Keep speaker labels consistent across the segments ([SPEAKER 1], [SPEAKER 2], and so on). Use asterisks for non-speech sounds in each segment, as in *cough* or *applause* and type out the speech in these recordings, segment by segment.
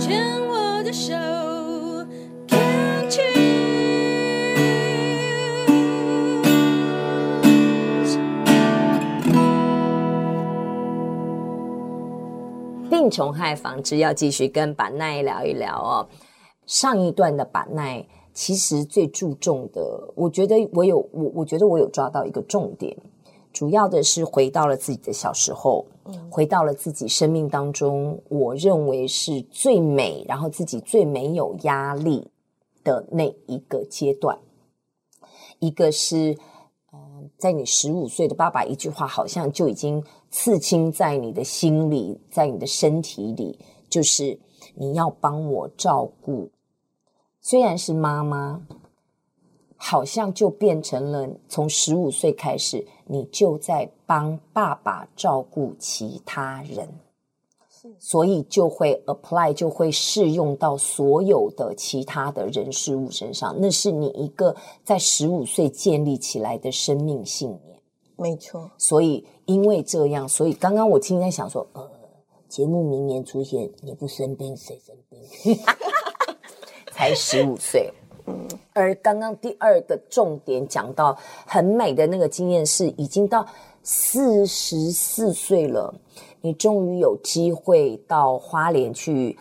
[SPEAKER 1] 牽我的手，看去。病蟲害防治要繼續跟巴奈聊一聊哦。上一段的巴奈其實最注重的，我覺得我有我，我覺得我有抓到一個重點。主要的是回到了自己的小時候，嗯、回到了自己生命當中，我認為是最美，然後自己最沒有壓力的那一個階段。一個是，嗯、呃，在你十五歲的爸爸一句話，好像就已經刺青在你的心裡，在你的身體裡，就是你要幫我照顧，雖然是媽媽。好像就變成了，從十五歲開始，你就在幫爸爸照顧其他人，所以就會 apply 就會適用到所有的其他的人事物身上，那是你一個在十五歲建立起來的生命信念。沒錯，所以因為這樣，所以剛剛我今天想說，呃，節目明年出現你不生病，誰生病？ *laughs* 才十五歲。而剛剛第二個重點講到很美的那個經驗是，已經到四十四歲了，你終於有機會到花蓮去，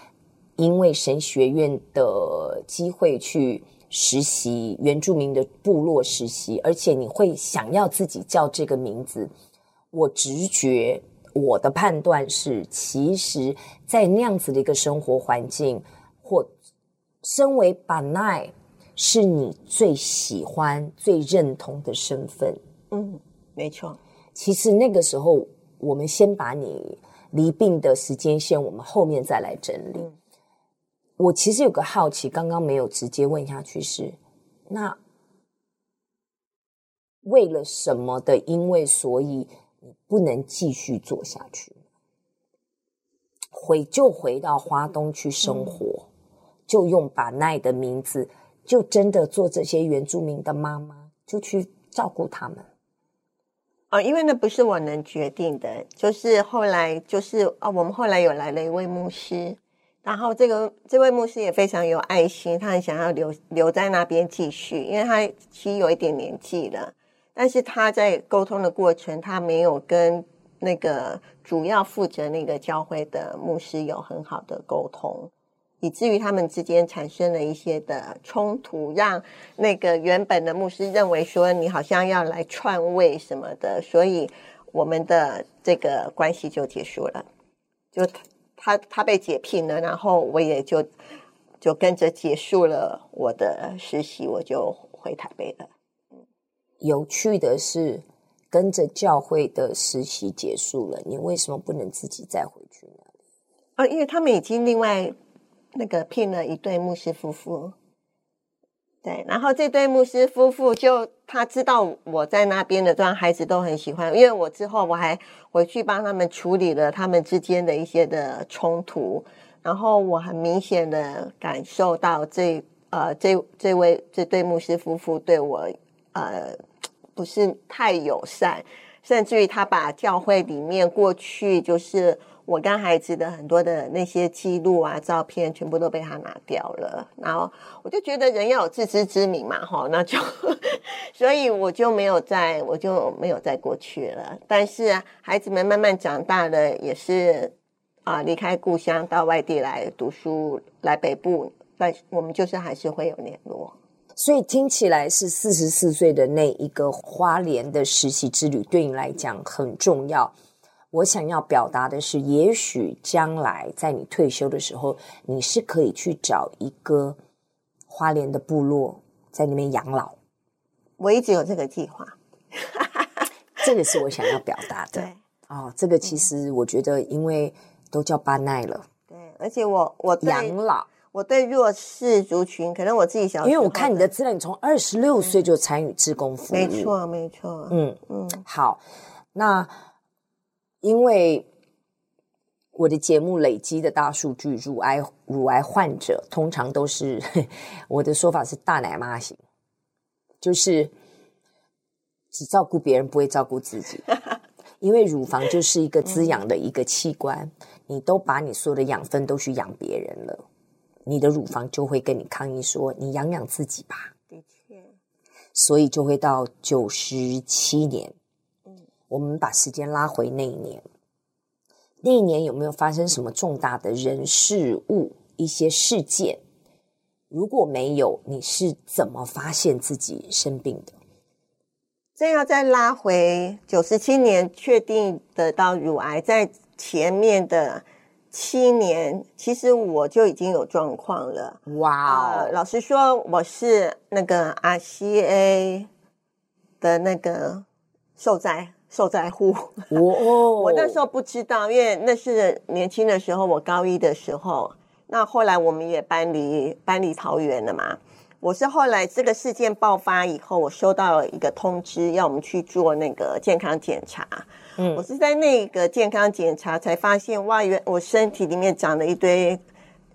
[SPEAKER 1] 因為神學院的機會去實習原住民的部落實習，而且你會想要自己叫這個名字。我直覺我的判斷是，其實在那樣子的一個生活環境，或身為巴奈。是你最喜歡、最認同的身份。嗯，沒錯。其實那個時候，我們先把你罹病的時間線，我們後面再來整理。嗯、我其實有個好奇，剛剛沒有直接問下去是那為了什麼的？因為所以不能繼續做下去，回就回到花東去生活，嗯、就用巴奈的名字。就真的做這些原住民的媽媽，就去照顧他們。
[SPEAKER 2] 哦，因為那不是我能決定的。就是後來，就是啊，我們後來有來了一位牧師，然後這個這位牧師也非常有愛心，他很想要留留在那邊繼續，因為他其實有一點年紀了。但是他在溝通的過程，他沒有跟那個主要負責那個教會的牧師有很好的溝通。以至於他們之間產生了一些的衝突，讓那個原本的牧師認為說你好像要來篡位什麼的，所以我們的這個關係就結束了。就他他被解聘了，然後我也就就跟着結束了我的實習，我就回台北了。
[SPEAKER 1] 有趣的是，跟着教會的實習結束了，你為什麼不能自己再回去呢？
[SPEAKER 2] 啊，因為他們已經另外。那個聘了一對牧師夫婦，對，然後這對牧師夫婦就他知道我在那邊的，這幫孩子都很喜歡，因為我之後我還回去幫他們處理了他們之間的一些的衝突，然後我很明顯的感受到這呃這這位這對牧師夫婦對我呃不是太友善，甚至於他把教會裡面過去就是。我跟孩子的很多的那些記錄啊、照片，全部都被他拿掉了。然後我就覺得人要有自知之明嘛，齁，那就所以我就沒有再，我就沒有再過去了。但是孩子們慢慢長大了，也是啊、呃，離開故鄉到外地來讀書，來北部，在我們就是還是會有聯絡。
[SPEAKER 1] 所以聽起來是四十四歲的那一個花蓮的實習之旅，對你來講很重要。我想要表達的是，也許將來在你退休的時候，你是可以去找一個花蓮的部落，在那邊養老。我一直有這個計劃， *laughs* 這個是我想要表達的。對哦，這個其實我覺得，因為都叫巴奈了。
[SPEAKER 2] 對，而且我我在養老，我對，老我對弱勢族群，可能我自己想要，因為我看你的
[SPEAKER 1] 資料，你從二十六歲就參與志工服務，沒錯、
[SPEAKER 2] 嗯，沒錯。嗯嗯，
[SPEAKER 1] 好，那。因為我的節目累積的大數據，乳癌乳癌患者通常都是，我的說法是大奶媽型，就是只照顧別人不會照顧自己。因為乳房就是一個滋養的一個器官，你都把你所有的養分都去養別人了，你的乳房就會跟你抗議說：“你養養自己吧。”的確，所以就會到九十七年。我們把時間拉回那一年，那一年有沒有發生什麼重大的人事物，一些事件？如果沒有，你是怎麼發現自己生病的？
[SPEAKER 2] 這要再拉回九十七年，確定得到乳癌，在前面的七年，其實我就已經有狀況了。哇 Wow.、呃，老實說，我是那個 RCA 的那個受災。受災戶哦， *laughs* 我那時候不知道，因為那是年輕的時候，我高一的時候。那後來我們也搬離搬離桃園了嘛。我是後來這個事件爆發以後，我收到了一個通知，要我們去做那個健康檢查。嗯，我是在那個健康檢查才發現，哇，原我身體裡面長了一堆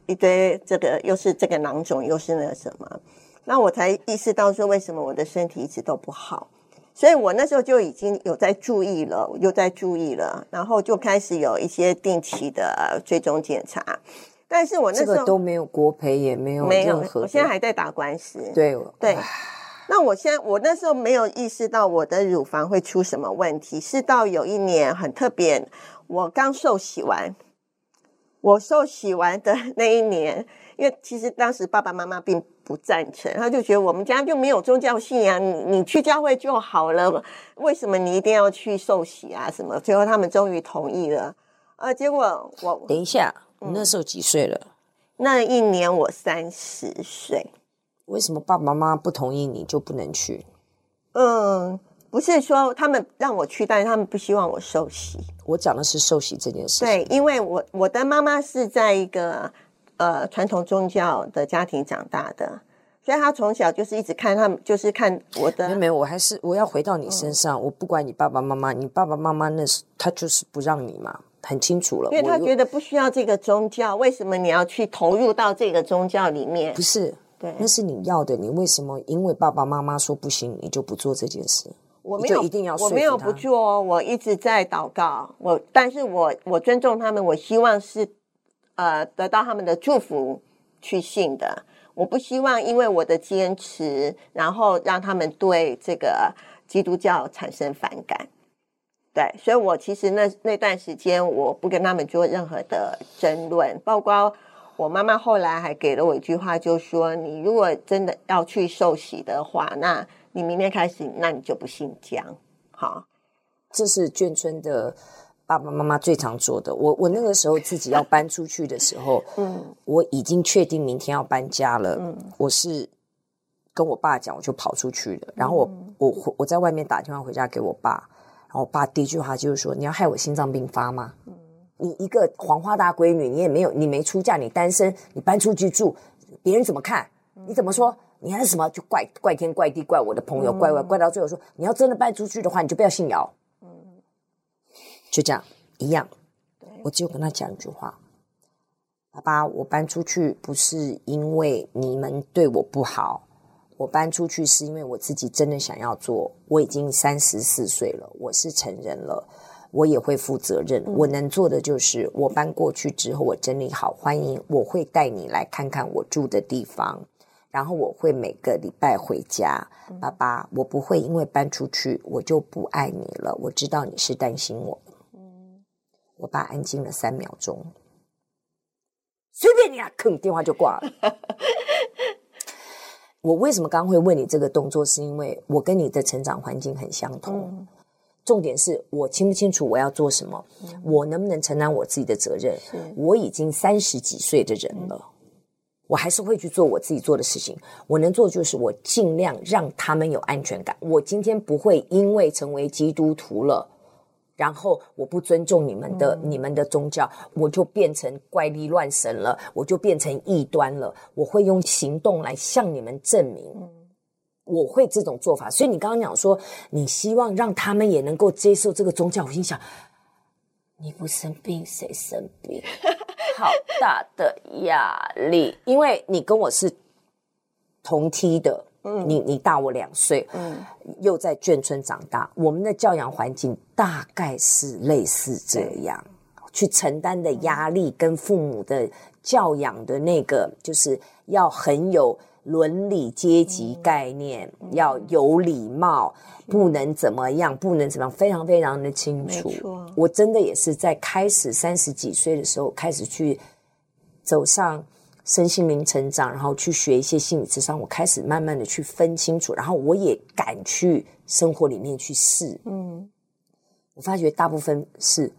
[SPEAKER 2] 一堆這個，又是這個囊腫，又是那個什麼。那我才意識到說，為什麼我的身體一直都不好。所以我那時候就已經有在注意了，我就在注意了，然後就開始有一些定期的、呃、追蹤檢查。但是我那時候這個都沒
[SPEAKER 1] 有國賠，也沒有任何沒有，我現在還在打官司。對對，
[SPEAKER 2] 對唉那我現在我那時候沒有意識到我的乳房會出什麼問題，是到有一年很特別，我剛受洗完，我受洗完的那一年。因為其實當時爸爸媽媽並不贊成，他就覺得我們家就沒有宗教信仰，你你去教會就好了，為什麼你一定要去受洗啊？什麼？最後他們終於同意了。啊，結果我等一下，嗯、你那時候幾
[SPEAKER 1] 歲了？
[SPEAKER 2] 那一年我三十歲。
[SPEAKER 1] 為什麼爸爸媽媽不同意你就不能去？
[SPEAKER 2] 嗯，不是說他們讓我去，但是他們不希望我受洗。我講的是受洗這件事。對，因為我我的媽媽是在一個。呃，傳統宗教的家庭長大的，所以他從小就是一直
[SPEAKER 1] 看他們，就是看我的。沒有，我還是我要回到你身上。嗯，我不管你爸爸媽媽，你爸爸媽媽那是他就是不讓你嘛，很清楚了。因為他覺
[SPEAKER 2] 得不需要這個宗教，我，為什麼你要去投入到這個宗教裡面？不是，
[SPEAKER 1] 對，那是你要的。你為什麼因為爸爸媽媽說不行，你就不做這件事？
[SPEAKER 2] 我沒有就一定要，我沒有不做哦，我一直在禱告。我，但是我我尊重他們，我希望是。呃，得到他們的祝福去信的，我不希望因為我的堅持，然後讓他們對這個基督教產生反感。對，所以我其實那那段時間，我不跟他們做任何的爭論。包括我媽媽後來還給了我一句話，就說：“你如果真的要去受洗的話，那你明天開始，那你就不姓姜。”好，
[SPEAKER 1] 這是眷村的。爸爸媽媽最常做的。我我那個時候自己要搬出去的時候， *laughs* 嗯，我已經確定明天要搬家了。嗯，我是跟我爸講，我就跑出去了。嗯、然後我我我在外面打電話回家給我爸，然後我爸第一句話就是說：“你要害我心臟病發嗎？嗯、你一個黃花大閨女，你也沒有，你沒出嫁，你單身，你搬出去住，別人怎麼看？你怎麼說？你還有什麼？就怪怪天怪地，怪我的朋友，怪怪、嗯、怪到最後說，你要真的搬出去的話，你就不要姓姚。”就這樣一樣，我只有跟他講一句話：“爸爸，我搬出去不是因為你們對我不好，我搬出去是因為我自己真的想要做。我已經三十四歲了，我是成人了，我也會負責任。嗯、我能做的就是，我搬過去之後，我整理好，歡迎，我會帶你來看看我住的地方。然後我會每個禮拜回家。嗯、爸爸，我不會因為搬出去，我就不愛你了。我知道你是擔心我。”我爸安靜了三秒鐘，隨便你啊，吭，電話就掛了。 *laughs* 我為什麼剛剛會問你這個動作？是因為我跟你的成長環境很相同。嗯、重點是我清不清楚我要做什麼？嗯、我能不能承擔我自己的責任？是我已經三十幾歲的人了，嗯、我還是會去做我自己做的事情。我能做就是我儘量讓他們有安全感。我今天不會因為成為基督徒了。然後我不尊重你們的、嗯、你們的宗教，我就變成怪力亂神了，我就變成異端了。我會用行動來向你們證明，嗯、我會這種做法。所以你剛剛講說，你希望讓他們也能夠接受這個宗教。我心想，你不生病誰生病？好大的壓力，因為你跟我是同梯的。你你大我兩歲，嗯、又在眷村長大，嗯、我們的教養環境大概是類似這樣，嗯、去承擔的壓力跟父母的教養的那個，就是要很有倫理階級概念，嗯、要有禮貌，嗯、不能怎麼樣，不能怎麼樣，非常非常的清楚。啊、我真的也是在開始三十幾歲的時候開始去走上。身心靈成長，然後去學一些心理智商。我開始慢慢的去分清楚，然後我也敢去生活裡面去試。
[SPEAKER 2] 嗯，
[SPEAKER 1] 我發覺大部分是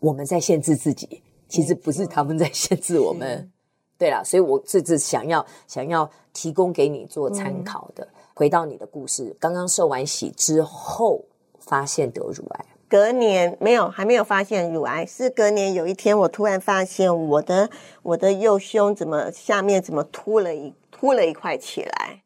[SPEAKER 1] 我們在限制自己，其實不是他們在限制我們。嗯、對啦，所以我這次想要想要提供給你做參考的。嗯、回到你的故事，剛剛受完洗之後，發現得乳癌。隔
[SPEAKER 2] 年沒有，還沒有發現乳癌。是隔年有一天，我突然發現我的我的右胸怎麼下面怎麼凸了一凸了一塊起來，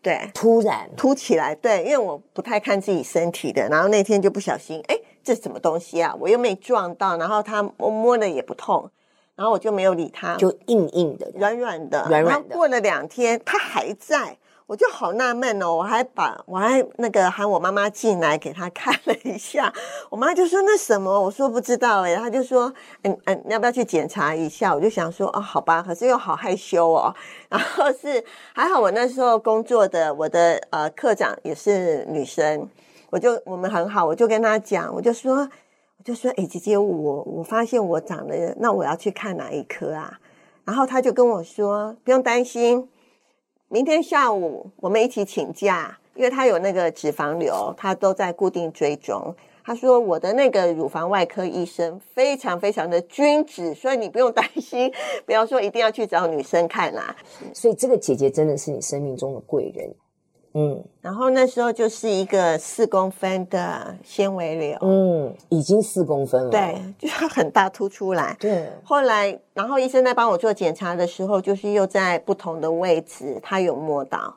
[SPEAKER 2] 對，突然凸起來，對，因為我不太看自己身體的。然後那天就不小心，哎、欸，這是什麼東西啊？我又沒撞到，然後他摸摸了也不痛，然後我就沒有理他，就硬硬的，軟軟的，軟軟的。然後過了兩天，它還在。我就好納悶哦，我還把我還那個喊我媽媽進來給他看了一下，我媽就說那什麼，我說不知道誒他就說嗯嗯，欸欸、要不要去檢查一下？我就想說哦，好吧，可是又好害羞哦。然後是還好，我那時候工作的我的呃課長也是女生，我就我們很好，我就跟他講，我就說我就說誒、欸、姐姐，我我發現我長了，那我要去看哪一科啊？然後他就跟我說不用擔心。明天下午我們一起請假，因為他有那個脂肪瘤，他都在固定追蹤。他說我的那個乳房外科醫生非常非常的君子，所以你不用擔心，不要說一定要去找女生看啦。
[SPEAKER 1] 所以這個姐姐真的是你生命中的貴人。
[SPEAKER 2] 嗯，然後那時候就是一個四公分的纖維瘤，嗯，
[SPEAKER 1] 已經四公分了，對，
[SPEAKER 2] 就是很大突出來。對，後來，然後醫生在幫我做檢查的時候，就是又在不同的位置，他有摸到，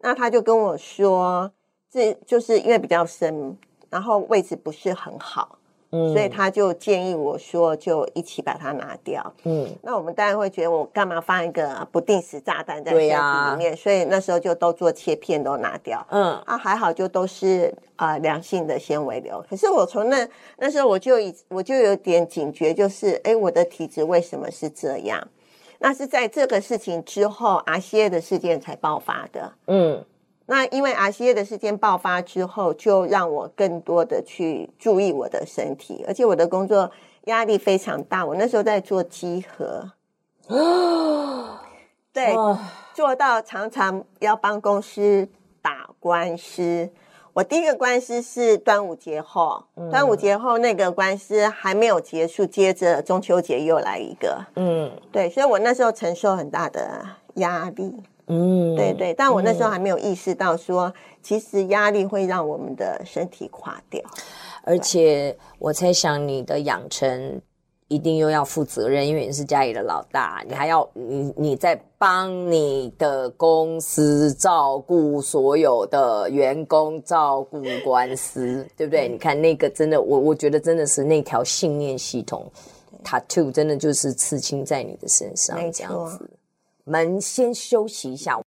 [SPEAKER 2] 那他就跟我說，這就是因為比較深，然後位置不是很好。嗯、所以他就建議我說，就一起把它拿掉。嗯，那我們當然會覺得，我幹嘛放一個不定時炸彈在身體裡面對、啊？所以那時候就都做切片，都拿掉。嗯，啊，還好，就都是啊、呃、良性的纖維瘤。可是我從那那時候，我就我就有點警覺，就是，哎、欸，我的體質為什麼是這樣？那是在這個事情之後，RCA 的事件才爆發的。嗯。那因為 RCA 的事件爆發之後，就讓我更多的去注意我的身體，而且我的工作壓力非常大。我那時候在做稽核，對，做到常常要幫公司打官司。我第一個官司是端午節後，端午節後那個官司還沒有結束，接着中秋節又來一個。
[SPEAKER 1] 嗯，
[SPEAKER 2] 對，所以我那時候承受很大的壓力。
[SPEAKER 1] 嗯，對對，但我那時候還沒
[SPEAKER 2] 有意識到說，
[SPEAKER 1] 嗯、其實壓力會讓我們的身體垮掉。而且對我在想你的養成一定又要負責任，因為你是家裡的老大，你還要你你在幫你的公司照顧所有的員工，照顧官司， *laughs* 對不對？嗯、你看那個真的，我我覺得真的是那條信念系統對，tattoo 真的就是刺青在你的身上，對這樣子。我們先休息一下。